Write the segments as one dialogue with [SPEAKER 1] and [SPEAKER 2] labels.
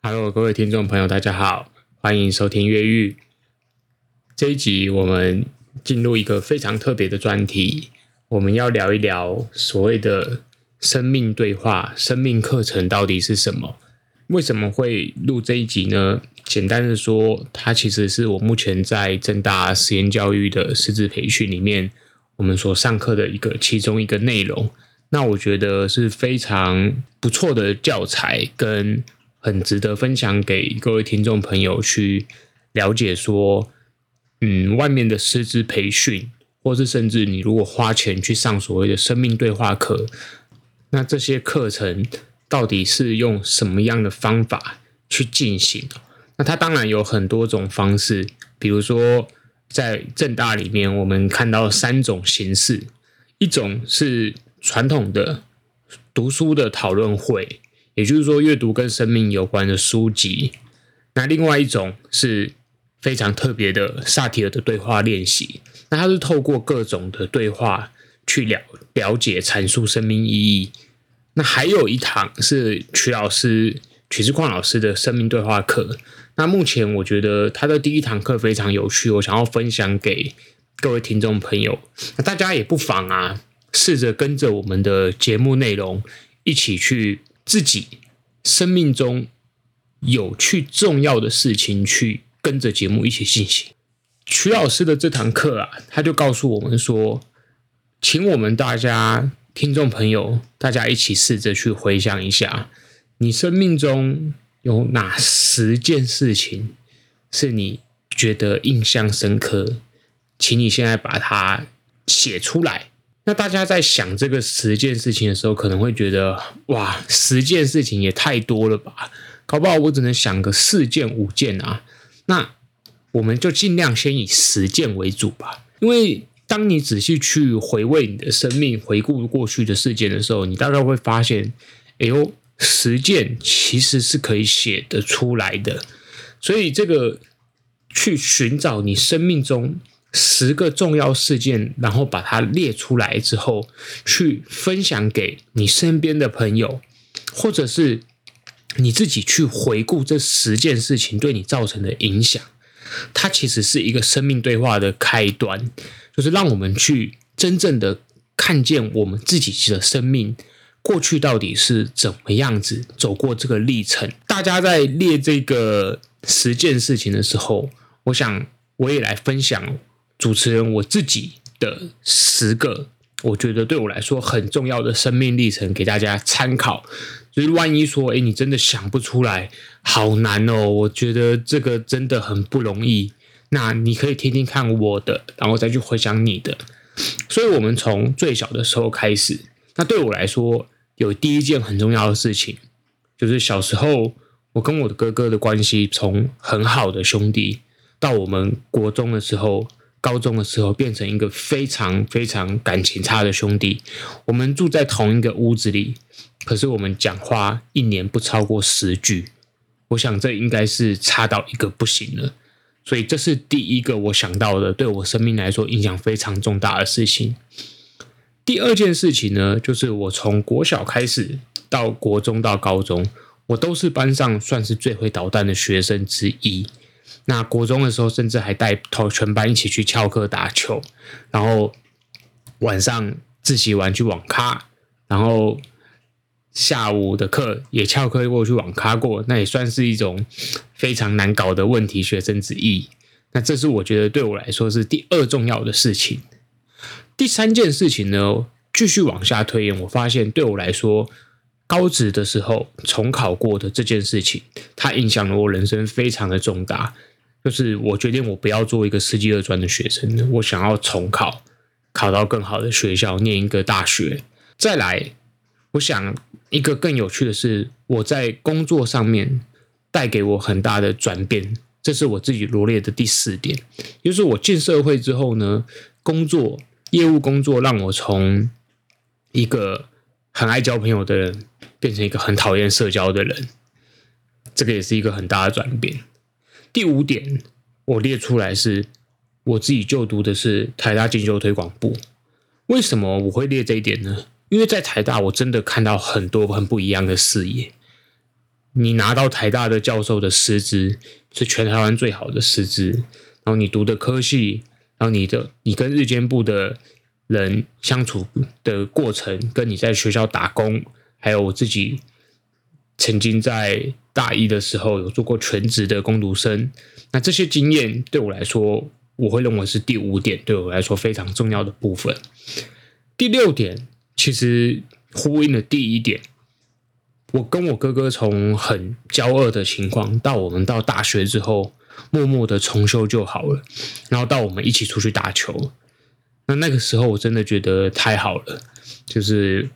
[SPEAKER 1] Hello，各位聽眾朋友，大家好，歡迎收聽《越育》這一集。我們進入一個非常特別的專題，我們要聊一聊所謂的生命對話、生命課程到底是什麼？為什麼會錄這一集呢？簡單的說，它其實是我目前在政大實驗教育的師資培訓裡面，我們所上課的一個其中一個內容。那我覺得是非常不錯的教材跟，很值得分享給各位聽眾朋友去了解說，嗯，外面的師資培訓，或是甚至你如果花錢去上所謂的生命對話課，那這些課程到底是用什麼樣的方法去進行？那它當然有很多種方式，比如說在政大裡面，我們看到三種形式，一種是傳統的讀書的討論會。也就是說，閱讀跟生命有關的書籍。那另外一種是非常特別的薩提爾的對話練習。那他是透過各種的對話去了了解、闡述生命意義。那還有一堂是曲老師曲智鑛老師的生命對話課。那目前我覺得他的第一堂課非常有趣，我想要分享給各位聽眾朋友。那大家也不妨啊，試着跟着我們的節目內容一起去。自己生命中有最重要的事情，去跟着節目一起進行。曲老師的這堂課啊，他就告訴我們說，請我們大家聽眾朋友，大家一起試着去回想一下，你生命中有哪十件事情是你覺得印象深刻？請你現在把它寫出來。那大家在想這個十件事情的時候，可能會覺得哇，十件事情也太多了吧？搞不好我只能想個四件、五件啊。那我們就儘量先以十件為主吧，因為當你仔細去回味你的生命、回顧過去的事件的時候，你大概會發現，哎呦，十件其實是可以寫得出來的。所以這個去尋找你生命中。十個重要事件，然後把它列出來之後，去分享給你身邊的朋友，或者是你自己去回顧這十件事情對你造成的影響。它其實是一個生命對話的開端，就是讓我們去真正的看見我們自己的生命過去到底是怎麼樣子走過這個歷程。大家在列這個十件事情的時候，我想我也來分享。主持人，我自己的十個，我覺得對我來說很重要的生命歷程，給大家參考。就是萬一說，哎，你真的想不出來，好難哦。我覺得這個真的很不容易。那你可以聽聽看我的，然後再去回想你的。所以，我們從最小的時候開始。那對我來說，有第一件很重要的事情，就是小時候我跟我的哥哥的關係，從很好的兄弟到我們國中的時候，高中的時候，變成一個非常非常感情差的兄弟。我們住在同一個屋子裡，可是我們講話一年不超過十句。我想這應該是差到一個不行了。所以這是第一個我想到的，對我生命來說影響非常重大的事情。第二件事情呢，就是我從國小開始到國中到高中，我都是班上算是最會搗蛋的學生之一。那國中的時候，甚至還帶全班一起去翹課打球，然後晚上自習完去網咖，然後下午的課也翹課過去網咖過，那也算是一種非常難搞的問題學生之一。那這是我覺得對我來說是第二重要的事情。第三件事情呢，繼續往下推演，我發現對我來說，高職的時候重考過的這件事情，它影響了我人生非常的重大。就是我決定，我不要做一個四技二專的學生的，我想要重考，考到更好的學校，念一個大學。再來，我想一個更有趣的是，我在工作上面帶給我很大的轉變，這是我自己羅列的第四點，就是我進社會之後呢，工作，業務工作讓我從一個很愛交朋友的人，變成一個很討厭社交的人，這個也是一個很大的轉變。第五點，我列出來是我自己就讀的是台大進修推廣部。為什麼我會列這一點呢？因為在台大我真的看到很多很不一樣的視野。你拿到台大的教授的師資是全台灣最好的師資，然後你讀的科系，然後你的你跟日間部的人相處的過程，跟你在學校打工，還有我自己，曾經在大一的時候有做過全職的工讀生，那這些經驗對我來說，我會認為是第五點，對我來說非常重要的部分。第六點其實呼應了第一點，我跟我哥哥從很交惡的情況，到我們到大學之後，默默的重修就好了，然後到我們一起出去打球，那那個時候我真的覺得太好了，就是。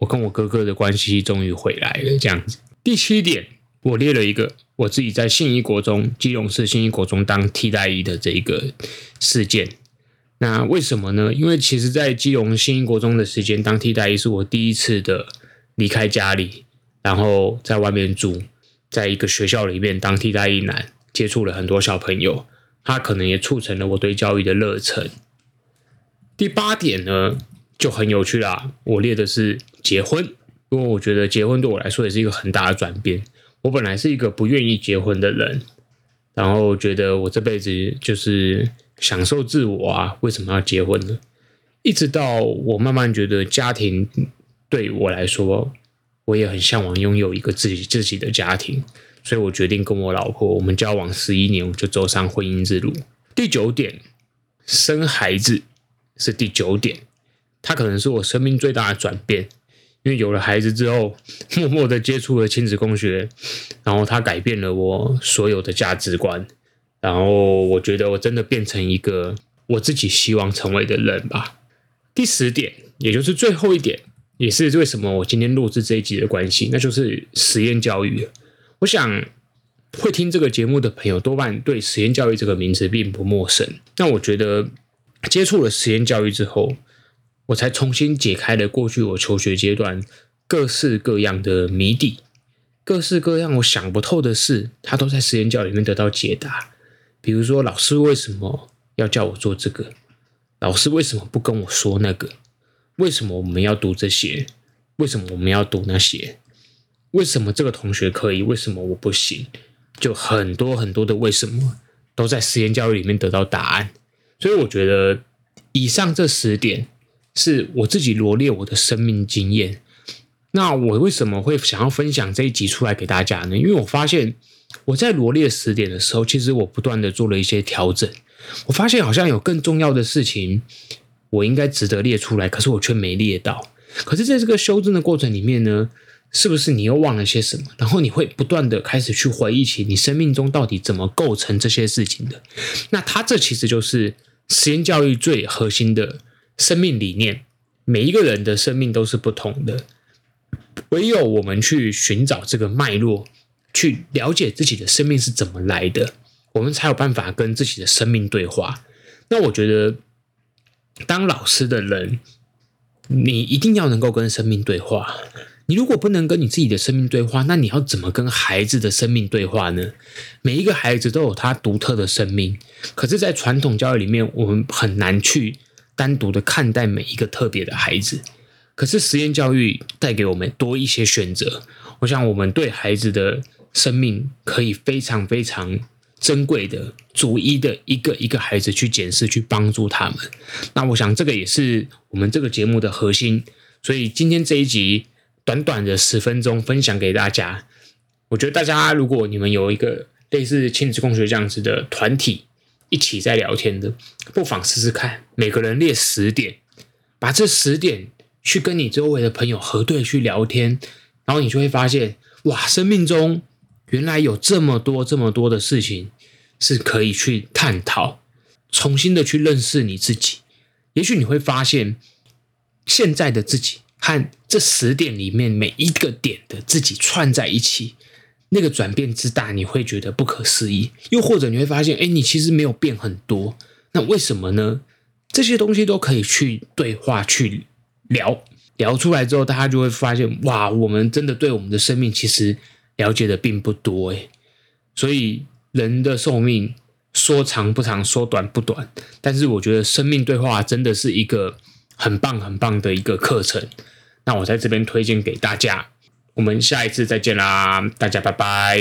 [SPEAKER 1] 我跟我哥哥的關係終於回來了，這樣子。第七點，我列了一個我自己在信義國中基隆市信義國中當替代役的這一個事件。那為什麼呢？因為其實，在基隆信義國中的時間當替代役，是我第一次的離開家裡，然後在外面住，在一個學校裡面當替代役男，接觸了很多小朋友，他可能也促成了我對教育的熱忱。第八點呢？就很有趣啦！我列的是結婚，因為我覺得結婚對我來說也是一個很大的轉變。我本來是一個不願意結婚的人，然後覺得我這輩子就是享受自我啊，為什麼要結婚呢？一直到我慢慢覺得家庭對我來說，我也很向往擁有一個自己自己的家庭，所以我決定跟我老婆，我們交往十一年，我就走上婚姻之路。第九點，生孩子是第九點。它可能是我生命最大的轉變，因為有了孩子之後，默默地接觸了親子共學，然後它改變了我所有的價值觀，然後我覺得我真的變成一個我自己希望成為的人吧。第十點，也就是最後一點，也是為什麼我今天錄製這一集的關係，那就是實驗教育。我想會聽這個節目的朋友多半對實驗教育這個名字並不陌生，但我覺得接觸了實驗教育之後，我才重新解開了過去我求學階段各式各樣的謎底，各式各樣我想不透的事，他都在實驗教育裡面得到解答。比如說，老師為什麼要叫我做這個？老師為什麼不跟我說那個？為什麼我們要讀這些？為什麼我們要讀那些？為什麼這個同學可以？為什麼我不行？就很多很多的為什麼，都在實驗教育裡面得到答案。所以我覺得以上這十點。是我自己羅列我的生命經驗。那我為什麼會想要分享這一集出來給大家呢？因為我發現我在羅列十點的時候，其實我不斷的做了一些調整。我發現好像有更重要的事情，我應該值得列出來，可是我卻沒列到。可是在這個修正的過程裡面呢，是不是你又忘了些什麼？然後你會不斷的開始去回憶起你生命中到底怎麼構成這些事情的。那它這其實就是實驗教育最核心的。生命理念，每一個人的生命都是不同的。唯有我們去尋找這個脈絡，去了解自己的生命是怎麼來的，我們才有辦法跟自己的生命對話。那我覺得，當老師的人，你一定要能夠跟生命對話。你如果不能跟你自己的生命對話，那你要怎麼跟孩子的生命對話呢？每一個孩子都有他獨特的生命，可是，在傳統教育裡面，我們很難去。單獨的看待每一個特別的孩子，可是實驗教育帶給我們多一些選擇。我想，我們對孩子的生命可以非常非常珍貴的，逐一的一個一個孩子去檢視、去幫助他們。那我想，這個也是我們這個節目的核心。所以今天這一集短短的十分鐘分享給大家。我覺得大家如果你們有一個類似親子共學這樣子的團體。一起在聊天的，不妨試試看。每個人列十點，把這十點去跟你周圍的朋友核對，去聊天，然後你就會發現，哇，生命中原來有這麼多、這麼多的事情是可以去探討，重新的去認識你自己。也許你會發現，現在的自己和這十點裡面每一個點的自己串在一起。那個轉變之大，你會覺得不可思議；又或者你會發現，哎，你其實沒有變很多，那為什麼呢？這些東西都可以去對話、去聊，聊出來之後，大家就會發現，哇，我們真的對我們的生命其實了解的並不多，欸，哎，所以人的壽命說長不長，說短不短，但是我覺得生命對話真的是一個很棒、很棒的一個課程。那我在這邊推薦給大家。我們下一次再見啦，大家拜拜。